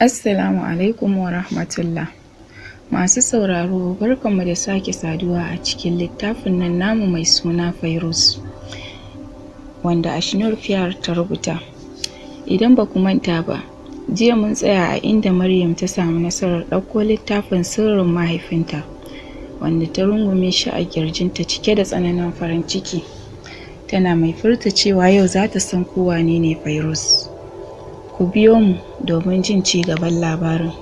Assalamu alaikum wa rahmatullah. Masu sauraro barkanmu da sake saduwa a cikin littafin nan namu mai suna Fairuz wanda Ashnur Fiyar ta rubuta. Idan ba ku manta ba, jiya mun tsaya a inda Maryam ta samu nasarar ɗauko littafin sirrin mahaifinta wanda ta rungume shi a kirjinta cike da tsananin farin ciki. Tana mai furta cewa yau za ta san ko wane ne Fairuz. Ku biyo mu domin jin ci gaban labarin.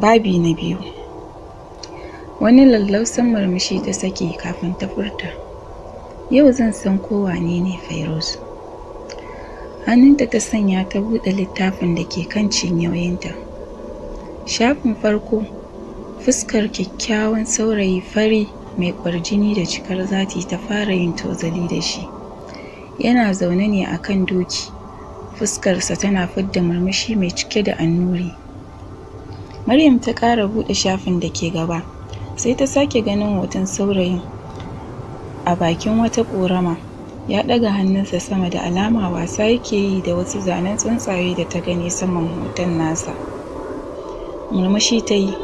Babi na biyu. Wani lallausan murmushi ta sake kafin ta furta. Yau zan san ko wane ne Fairuz. Hannunta ta sanya ta buɗe littafin da ke kan cinyoyinta. Shafin farko fuskar kyakkyawan saurayi fari mai ƙwarjini da cikar zati ta fara yin tozali da shi. yana zaune ne a kan doki fuskarsa tana fidda murmushi mai cike da annuri maryam ta ƙara buɗe shafin da ke gaba sai ta sake ganin hoton saurayin a bakin wata ƙorama ya ɗaga hannunsa sama da alama wasa yake yi da wasu zanen tsuntsaye da ta gani saman hoton nasa murmushi ta yi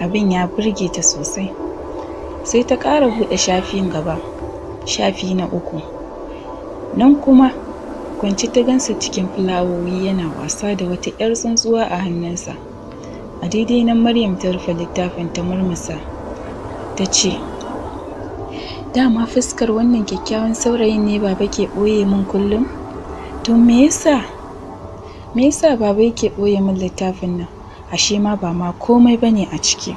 abin ya burge ta sosai sai ta ƙara buɗe shafin gaba shafi na uku nan kuma kwance ta gansa cikin fulawowi yana wasa da wata 'yar tsuntsuwa a hannunsa a daidai nan maryam ta rufe littafin ta murmusa ta ce dama fuskar wannan kyakkyawan saurayin ne baba ke ɓoye min kullum to me yasa me yasa baba yake ɓoye min littafin nan ashe ma ba ma komai ba ne a ciki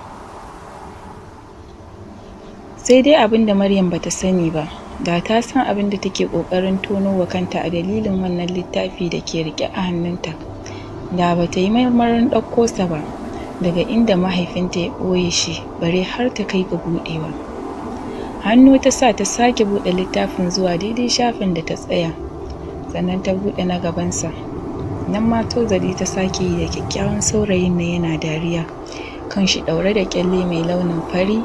sai dai abinda maryam bata sani ba ga ta san abin da take ƙoƙarin tono wa kanta a dalilin wannan littafi da ke riƙe a hannunta, da ba ta yi marmarin ɗauko sa ba daga inda mahaifinta ya ɓoye shi bare har ta kai ga buɗewa. Hannu ta sa ta sake buɗe littafin zuwa daidai shafin da ta tsaya, sannan ta buɗe na gabansa. Nan ma tozali ta sake yi da kyakkyawan saurayin na yana dariya, kan shi ɗaure da ƙyalle mai launin fari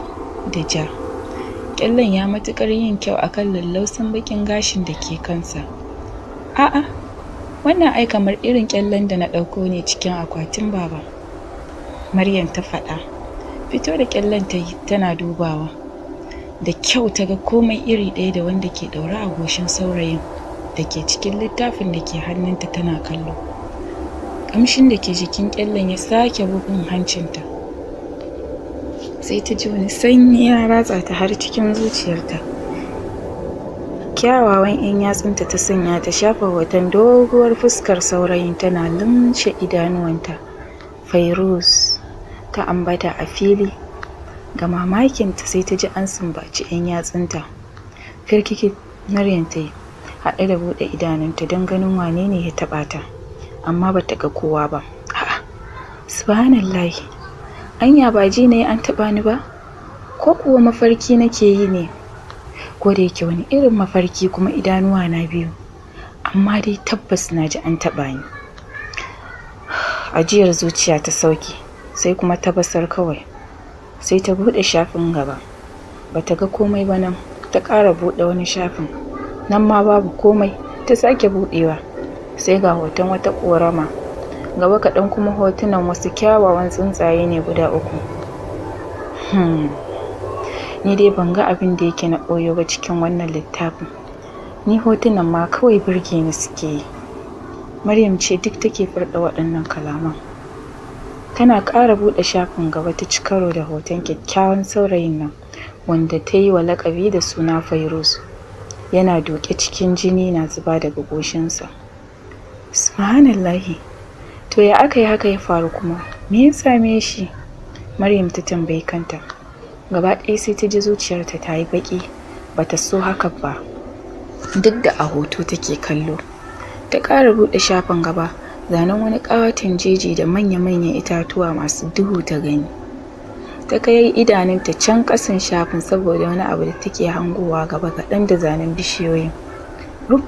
da ja. Ƙyallen ya matuƙar yin kyau a kan lallausan baƙin gashin da ke kansa. A'a, wannan ai kamar irin ƙyallen da na ɗauko ne cikin akwatin baba. Maryam ta faɗa. Fito da ƙyallen ta yi tana dubawa. Da kyau ta ga komai iri ɗaya da wanda ke ɗaure a goshin saurayin da ke cikin littafin da ke hannunta tana kallo. Ƙamshin da ke jikin ƙyallen ya sake bugun hancinta. sai ta ji wani sanyi ya ratsa ta har cikin zuciyarta kyawawan 'yan yatsunta ta sanya ta shafa watan doguwar fuskar saurayin tana lunshe idanuwanta fairuz ta ambata a fili ga mamakinta sai ta ji an sumbaci 'yan yatsunta firkiki maryam haɗe da buɗe idanunta don ganin wane ne ya taɓa ta amma ba ta ga kowa ba subhanallah anya ba ji ne an taɓa ni ba ko kuwa mafarki nake yi ne ko da yake wani irin mafarki kuma idanuwa na biyu amma dai tabbas na ji an taɓa ni ajiyar zuciya ta sauke sai kuma ta kawai sai ta buɗe shafin gaba bata ga komai ba nan ta ƙara buɗe wani shafin nan ma babu komai ta sake buɗewa sai ga hoton wata ƙorama gaba kaɗan kuma hotunan wasu kyawawan tsuntsaye ne guda uku hmm. ni dai ban ga abin da yake na ɓoyo ba cikin wannan littafin ni hotunan ma kawai birge ni suke yi maryam ce duk take furɗa waɗannan kalaman tana ƙara buɗe shafin gaba ta ci karo da hoton kyakkyawan saurayin nan wanda ta yi wa laƙabi da suna fairuz yana duƙe cikin jini na zuba daga goshinsa subhanallahi to ya aka yi haka ya faru kuma me ya same shi maryam ta tambayi kanta gaba ɗaya sai ta ji zuciyarta ta yi baƙi ba ta so haka ba duk da a hoto take kallo ta ƙara buɗe shafin gaba zanen wani ƙawatin jeji da manya-manyan itatuwa masu duhu ta gani ta kai idanunta can ƙasan shafin saboda wani abu da take hangowa gaba kaɗan da zanen bishiyoyin rub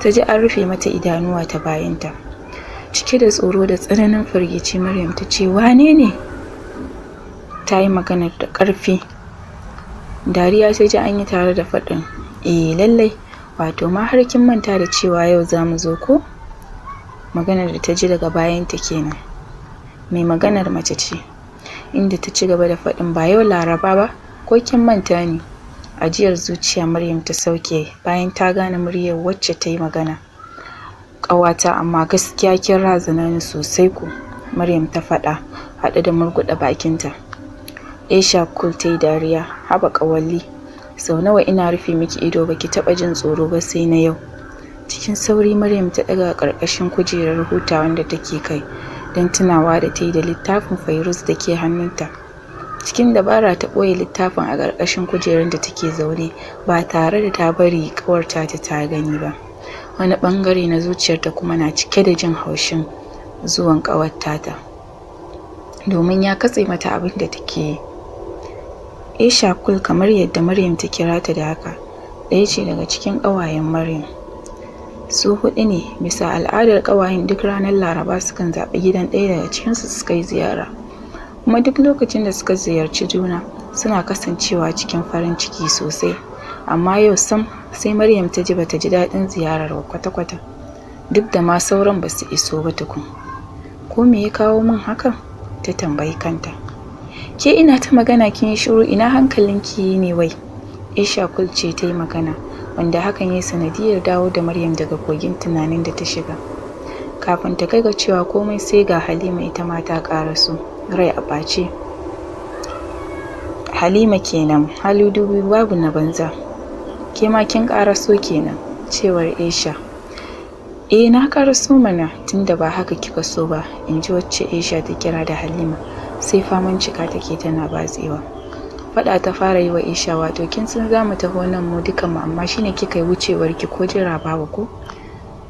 ta ji an rufe mata idanuwa ta bayanta cike da tsoro da tsananin firgici maryam ta ce wane ne ta yi magana da ƙarfi dariya sai ji an yi tare da faɗin eh lallai wato ma har kin manta da cewa yau za mu zo ko maganar da ta ji daga bayanta kenan mai maganar mace ce inda ta ci gaba da faɗin ba yau laraba ba ko kin manta ne ajiyar zuciya maryam ta sauke bayan ta gane muryar wacce ta yi magana ƙawata amma gaskiya kin razana ni sosai ku maryam ta faɗa haɗe da murguɗa bakinta aisha kul ta yi dariya haba ƙawalli sau nawa ina rufe miki ido baki taɓa jin tsoro ba sai na yau cikin sauri maryam ta ɗaga ƙarƙashin kujerar huta wanda take kai don tunawa da ta yi da littafin fairuz da ke hannunta cikin dabara ta ɓoye littafin a ƙarƙashin kujerar da take zaune ba tare da ta bari ƙawarta ta ta gani ba wani ɓangare na zuciyarta kuma na cike da jin haushin zuwan ƙawarta ta domin ya katse mata abin da take yi Isha Kul kamar yadda Maryam ta kira ta da haka ɗaya ce daga cikin ƙawayen Maryam su huɗu ne bisa al'adar ƙawayen duk ranar Laraba sukan zaɓi gidan ɗaya daga cikinsu su kai ziyara kuma duk lokacin da suka ziyarci juna suna kasancewa cikin farin ciki sosai amma yau sam sai maryam ta ji bata ji daɗin ziyarar kwata-kwata duk da ma sauran ba su iso ba tukun ko me ya kawo min haka ta tambayi kanta ke ina ta magana kin yi shiru ina hankalin ki ne wai ishakul ce ta yi magana wanda hakan ya sanadiyar dawo da maryam daga kogin tunanin da ta shiga kafin ta kai ga cewa komai sai ga halima ita ma ta karasu rai a bace halima kenan hali dubu babu na banza ke ma kin so kenan cewar Aisha. eh na ƙara so mana tunda ba haka kika so ba in ji wacce Aisha ta kira da Halima sai faman cika take tana batsewa. Faɗa ta fara yi wa Aisha wato kin san za mu taho nan mu duka mu amma shine kika yi wucewar ki ko jira babu ko?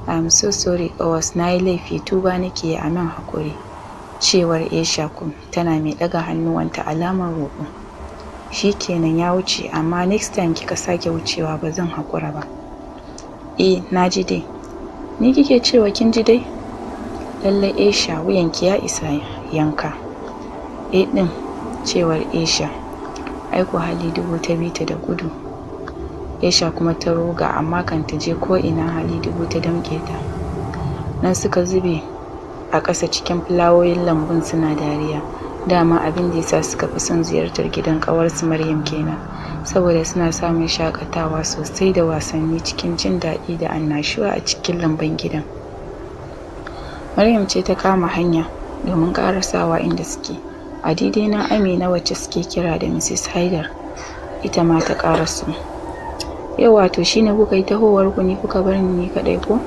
I'm so sorry Awas na yi laifi tuba nake a nan hakuri. Cewar Aisha kun tana mai ɗaga hannuwanta alamar roƙo. Shi kenan ya wuce amma next time kika sake wucewa ba zan haƙura ba eh na ji dai ni kike cewa kin ji dai lallai esha wuyanki ya isa yanka eh din, cewar esha aiko hali dubu ta bi ta da gudu Aisha kuma ta roga amma kan ta je ko ina hali dubu ta damƙe ta nan suka zube a ƙasa cikin fulawoyin lambun suna dariya dama abin da yasa suka fi son ziyartar gidan ƙawarsu Maryam kenan saboda suna samun shakatawa sosai da wasanni cikin jin daɗi da annashuwa a cikin lamban gidan Maryam ce ta kama hanya domin karasawa inda suke a daidai na Amina wacce suke kira da Mrs. Haidar ita ma ta su. yau wato shine kuka yi tahowar ku ni kuka bar ni kadai ko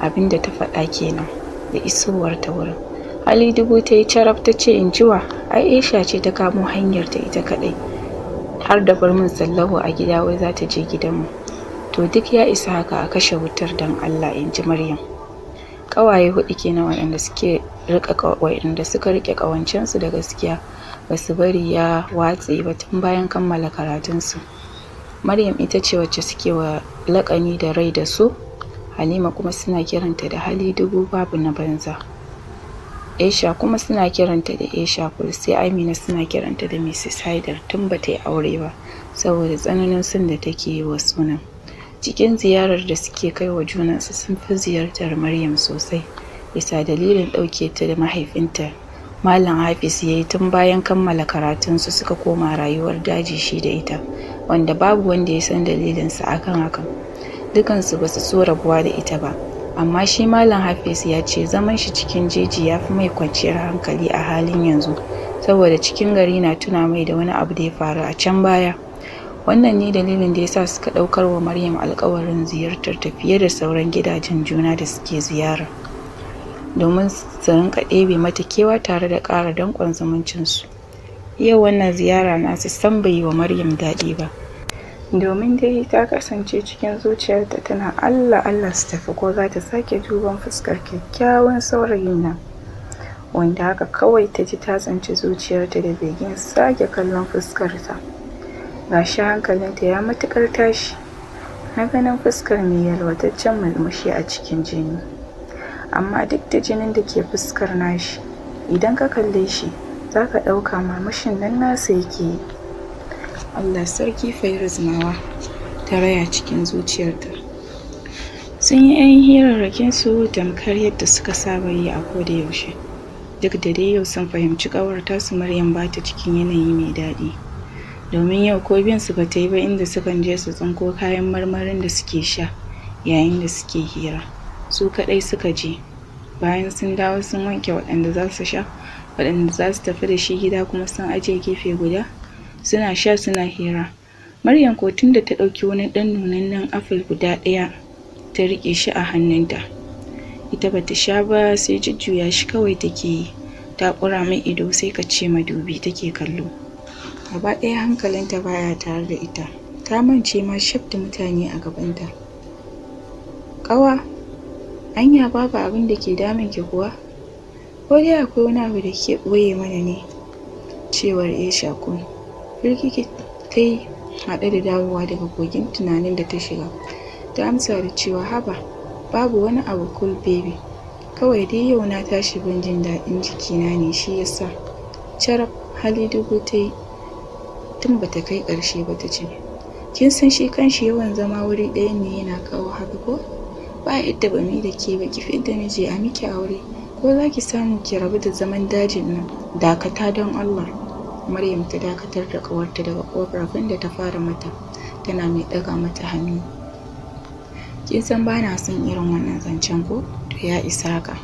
abin da ta faɗa kenan da isowar ta wurin hali dubu ta yi carab ta ce in jiwa aisha ce ta kamo hanyar ta ita kadai. har da bar min sallahu a gida wai za ta je gidanmu to duk ya isa haka a kashe wutar don allah in ji maryam ƙawaye hudu kenan waɗanda suke waɗanda suka rike ƙawancensu da gaskiya ba su bari ya watse ba tun bayan kammala karatunsu maryam ita ce wacce suke wa laƙani da rai da su halima kuma suna kiranta da hali dubu babu na banza Aisha kuma suna kiranta da Aisha kuma sai Amina suna kiranta da Mrs. Haidar tun ba ta yi aure ba saboda tsananin sun da take yi wa sunan. Cikin ziyarar da suke kai wa junansu sun fi ziyartar Maryam sosai bisa dalilin ɗauke ta da mahaifinta. Malam Hafiz ya yi tun bayan kammala karatun su suka koma rayuwar daji shi da ita wanda babu wanda ya san dalilinsa akan hakan. Dukansu ba su so rabuwa da ita ba. amma shi malam hafiz ya ce zaman shi cikin jeji ya fi mai kwanciyar hankali a halin yanzu saboda cikin gari na tuna mai da wani abu da ya faru a can baya wannan ne dalilin da ya sa suka ɗaukar wa maryam alkawarin ziyartar ta fiye da sauran gidajen juna da suke ziyara domin su rinka ɗebe mata kewa tare da ƙara danƙon zumuncinsu yau wannan ziyara nasu san bai yi wa maryam daɗi ba domin dai ta kasance cikin zuciyarta tana allah allah su tafi ko za ta sake duban fuskar kyakkyawan saurayin nan wanda haka kawai ta ji ta tsanci zuciyarta da begin sake kallon fuskarta ga shi hankalinta ya matukar tashi na ganin fuskar mai yalwataccen malmushi a cikin jini amma duk da jinin da ke fuskar nashi idan ka kalle shi za ka ɗauka mamushin nan nasa yake yi Allah sarki Fairuz Mawa ta raya cikin zuciyarta sun yi 'yan hirarrakin su tamkar yadda suka saba yi a koda yaushe duk da dai yau sun fahimci ƙawar su Maryam ba ta cikin yanayi mai daɗi domin yau ko bin su ba ta yi ba inda sukan je su tsinko kayan marmarin da suke sha yayin da suke hira su kaɗai suka je bayan sun dawo sun wanke waɗanda za su sha waɗanda za su tafi da shi gida kuma sun ajiye gefe guda suna sha suna hira Maryam ko da ta ɗauki wani ɗan nunannen apple guda ɗaya ta riƙe shi a hannunta ita bata sha ba sai jujjuya shi kawai take yi ta ƙura mai ido sai ka ce madubi take kallo gaba ɗaya hankalinta baya tare da ita ta mance ma shaf da mutane a gabanta ƙawa anya babu abin da ke damun ki kuwa ko dai akwai wani abu da kike ɓoye mana ne cewar Esha shakun Birki ta yi haɗe da dawowa daga kogin tunanin da ta shiga. Ta amsa da cewa haba, babu wani abu cool baby, kawai dai yau na tashi ban jin daɗin jikina ne shi yasa Carab hali dubu ta yi tun ba ta kai ƙarshe ba ta ce. Kin san shi kanshi yawan zama wuri ɗaya ne yana kawo haka ko? Ba yadda ba mu da ke ba ki fidda miji a miki aure ko za ki samu ki rabu da zaman dajin nan dakata don Allah. Maryam ta dakatar da ƙawarta daga ƙorafin da ta fara mata tana mai ɗaga mata hannu kin san ba na son irin wannan zancen ko to ya isa ka.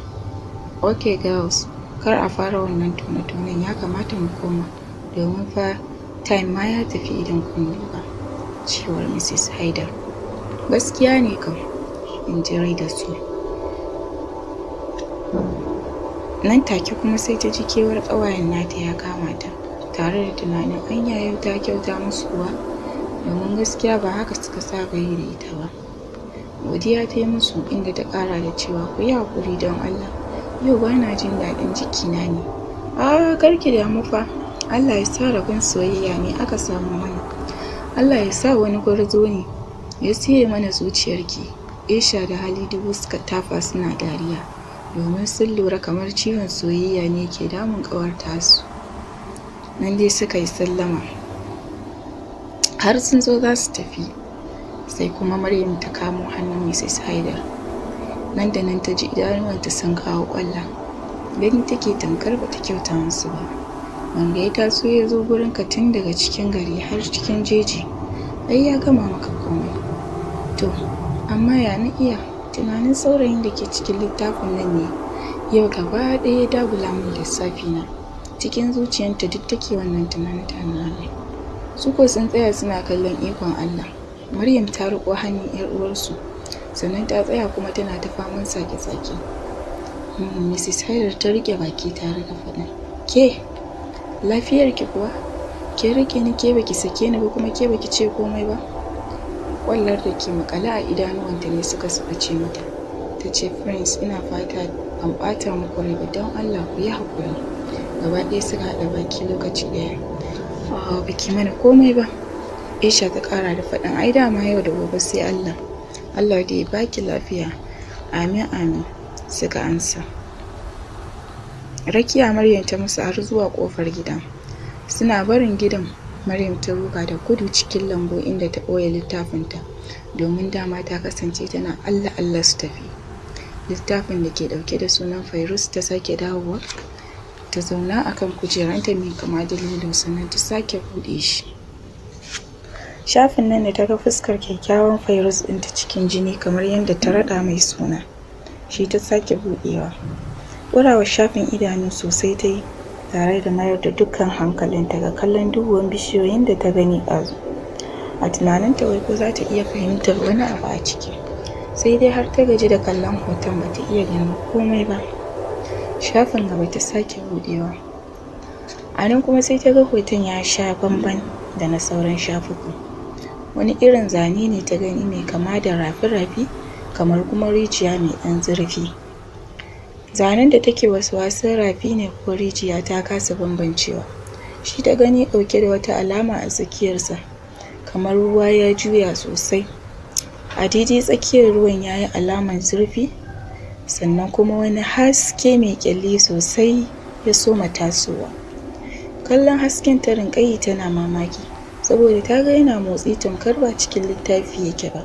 ok girls kar a fara wannan tone ya kamata mu koma domin fa time ma ya tafi idan kun duba. cewar mrs haidar gaskiya ne kam in ji rai da su nan take kuma sai ta ji kewar ƙawayen nata ya kama ta tare da tunanin anya yau ta kyauta musu kuwa domin gaskiya ba haka suka saba yi da ita ba godiya ta yi musu inda ta kara da cewa ku yi hakuri don allah yau ba na jin daɗin jikina ne a karki damu fa allah ya sa rabin soyayya ne aka samu mana allah ya sa wani gwarzo ne ya siye mana zuciyarki isha da hali dubu suka tafa suna dariya domin sun lura kamar ciwon soyayya ne ke damun ƙawar tasu nan dai suka yi sallama har sun zo za su tafi sai kuma maryam ta kamo hannun mrs haidar nan da nan ta ji idanuwanta sun kawo kwalla gani take tamkar ba ta kyauta musu ba wanda ya taso ya zo gurin ka tun daga cikin gari har cikin jeji ai ya gama maka komai to amma ya na iya tunanin saurayin da ke cikin littafin nan ne yau gaba ɗaya ya dagula min lissafi na cikin zuciyarta duk take wannan tunanin tunane su ko sun tsaya suna kallon ikon Allah Maryam ta riƙo hannun 'yar'uwarsu, uwarsu sannan ta tsaya kuma tana ta faman sake-sake Mrs. Hmm, Haidar ta riƙe baki ta da faɗin ke Lafiyar ki kuwa ke riƙe ni ke baki sake ni ba kuma ke baki ce komai ba kwallar da ke makale a idanuwanta ne suka ce mata ta ce prince ina fata ban ɓata muku rai don Allah ku yi haƙuri gaba ɗaya suka haɗa baki lokaci ɗaya ba ki mana komai ba aisha ta ƙara da faɗin ai dama yau da gobe sai allah allah da ya baki lafiya amin amin suka ansa rakiya maryam ta musu har zuwa ƙofar gida. suna barin gidan maryam ta ruga da gudu cikin lambu inda ta ɓoye littafinta domin dama ta kasance tana allah allah su tafi littafin da ke ɗauke da sunan fairus ta sake dawowa ta zauna a kan kujeranta mai kama da lilo sannan ta sake buɗe shi shafin nan da ta ga fuskar kyakkyawan fairuz ɗinta cikin jini kamar yadda ta raɗa mai suna shi ta sake buɗewa ƙurawar shafin idanu sosai ta yi tare da mayar da dukkan hankalinta ga kallon duhuwan bishiyoyin da ta gani a a tunaninta wai ko za ta iya fahimtar wani abu a ciki sai dai har ta gaji da kallon hoton ba ta iya ganin komai ba shafin gaba ta sake buɗewa a nan kuma sai ta ga hoton ya sha bamban da na sauran shafukan wani irin zane ne ta gani mai kama da rafi-rafi kamar kuma rijiya mai ɗan zurfi zanen da take wasu rafi ne ko rijiya ta kasa bambancewa shi ta gani ɗauke da wata alama a tsakiyarsa kamar ruwa ya juya sosai a daidai tsakiyar ruwan ya yi alamar zurfi sannan kuma wani haske mai kyalli sosai ya soma tasowa kallon hasken ta rinƙayi tana mamaki saboda ta ga yana motsi tamkar ba cikin littafi yake ba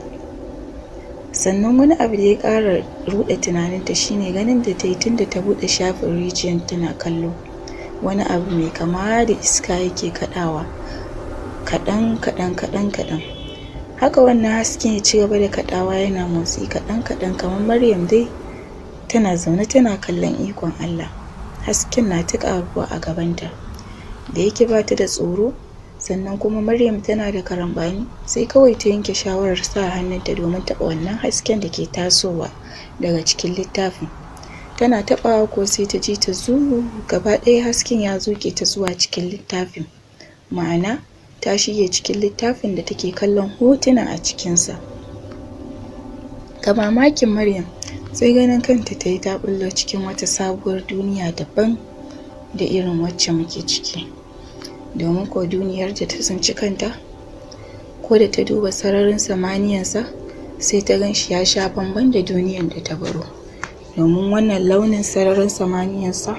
sannan wani abu da ya ƙara ruɗe tunaninta shine ganin da tayi tunda ta buɗe shafin rijiyar tana kallo wani abu mai kama da iska yake kaɗawa kaɗan kaɗan kaɗan kaɗan haka wannan hasken ya ci gaba da kaɗawa yana motsi kaɗan kaɗan kamar maryam dai tana zaune tana kallon ikon Allah hasken na ta ƙaruwa a gabanta da yake ba ta da tsoro sannan kuma Maryam tana da karambani sai kawai ta yanke shawarar sa hannunta domin taɓa wannan hasken da ke tasowa daga cikin littafin tana taɓawa ko sai ta ji ta zu gaba ɗaya hasken ya zuke ta zuwa cikin littafin ma'ana ta shige cikin littafin da take kallon hotuna a cikinsa Ga mamakin Maryam, sai ganin kanta ta yi ta bullo cikin wata sabuwar duniya daban da irin wacce muke ciki. Domin ko duniyar da ta tsinci kanta, ko da ta duba sararin samaniyarsa sai ta gan shi ya sha bamban da duniyar da ta baro. Domin wannan launin sararin samaniyansa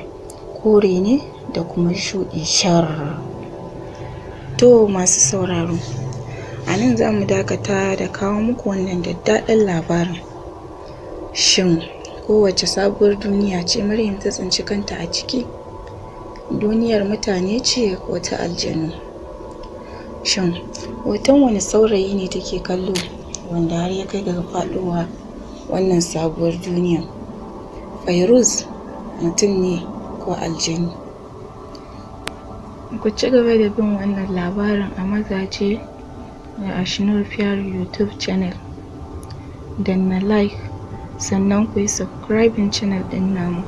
kore ne da kuma shuɗi shar. To masu sauraro. A nan za mu dakata da kawo muku wannan daddaɗan labarin. Shin kowace sabuwar duniya ce Maryam ta tsinci kanta a ciki? Duniyar mutane ce ko ta aljanu? Shin hoton wani saurayi ne take kallo wanda har ya kai daga faɗuwa wannan sabuwar duniya? Fairuz mutum ne ko aljani? Ku cigaba da bin wannan labarin a mazaje da Ashinol Piano YouTube channel. Danna like sannan ku yi subscribing channel ɗin namu.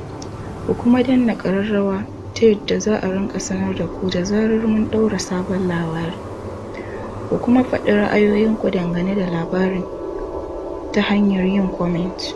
Ku kuma danna kararrawa ta yadda za a rinƙa sanar da ku da zarar mun ɗaura sabon labari. Ku kuma faɗi ra'ayoyinku dangane da labarin ta hanyar yin comment.